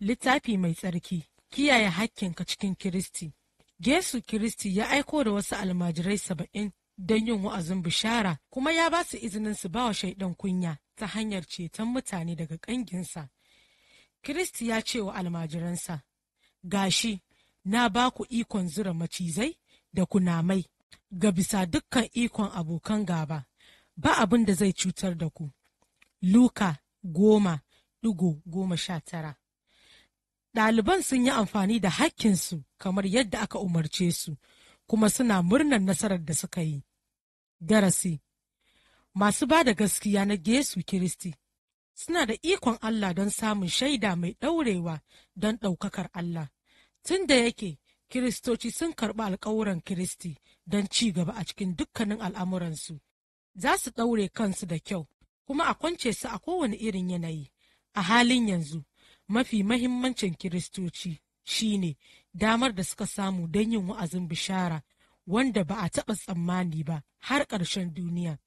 littafi mai tsarki kiyaye hakkinka cikin kiristi gesu kiristi ya aiko da wasu almajirai saba'in don yin wa'azin bishara kuma ya ba su izinin su ba wa shaidan kunya ta hanyar ceton mutane daga ƙanginsa kiristi ya ce wa almajiransa gashi na ba ku ikon zura macizai da kunamai ga bisa dukkan ikon abokan gaba ba abin da zai cutar da ku luka goma digo goma sha tara ɗaliban sun yi amfani da hakkinsu kamar yadda aka umarce su kuma suna murnar nasarar da suka yi. Darasi Masu ba da gaskiya na Yesu Kiristi suna da ikon Allah don samun shaida mai ɗaurewa don ɗaukakar Allah. Tun da yake, Kiristoci sun karɓi alkawuran Kiristi don ci gaba a cikin dukkanin al'amuransu. Za su ɗaure kansu da kyau, kuma a kwance su a kowane irin yanayi. A halin yanzu, mafi mahimmancin kiristoci shine damar da suka samu don yin wa'azin bishara wanda ba a taɓa tsammani ba har ƙarshen duniya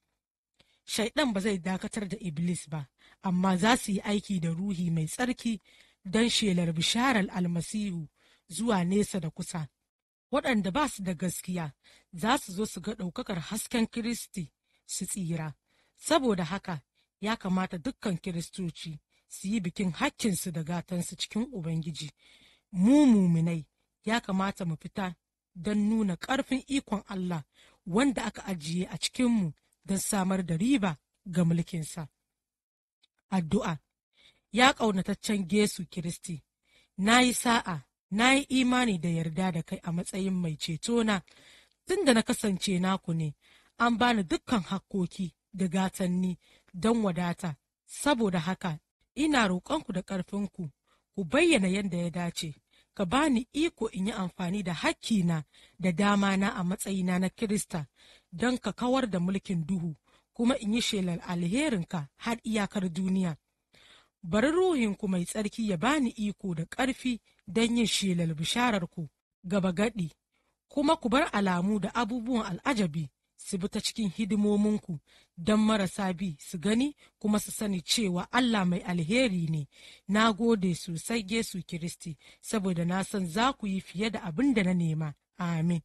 shaiɗan ba zai dakatar da iblis ba amma za su yi aiki da ruhi mai tsarki don shelar bisharar almasihu zuwa nesa da kusa waɗanda ba su da gaskiya za su zo su ga ɗaukakar hasken kiristi su tsira saboda haka ya kamata dukkan kiristoci su yi bikin hakkinsu da gatansu cikin Ubangiji. Mu muminai ya kamata mu fita don nuna ƙarfin ikon Allah wanda aka ajiye a cikinmu don samar da riba ga mulkinsa. Addu'a Ya ƙaunataccen Gesu Kiristi, na yi sa'a, na yi imani da yarda da kai a matsayin mai cetona, tun da na kasance naku ne, an bani dukkan hakkoki da gatanni don wadata, saboda haka ina roƙonku da ƙarfinku ku bayyana yadda ya dace ka bani iko in yi amfani da hakkina da dama na a matsayina na kirista don ka kawar da mulkin duhu kuma in yi shelar alherinka har iyakar duniya bari ruhinku mai tsarki ya bani iko da ƙarfi don yin shelar bishararku gaba gaɗi kuma ku bar alamu da abubuwan al'ajabi su bi ta cikin hidimominku don marasa bi su gani kuma su sani cewa Allah mai alheri ne. Na gode sosai Yesu Kiristi, saboda na san za ku yi fiye da abin da na nema. Amin.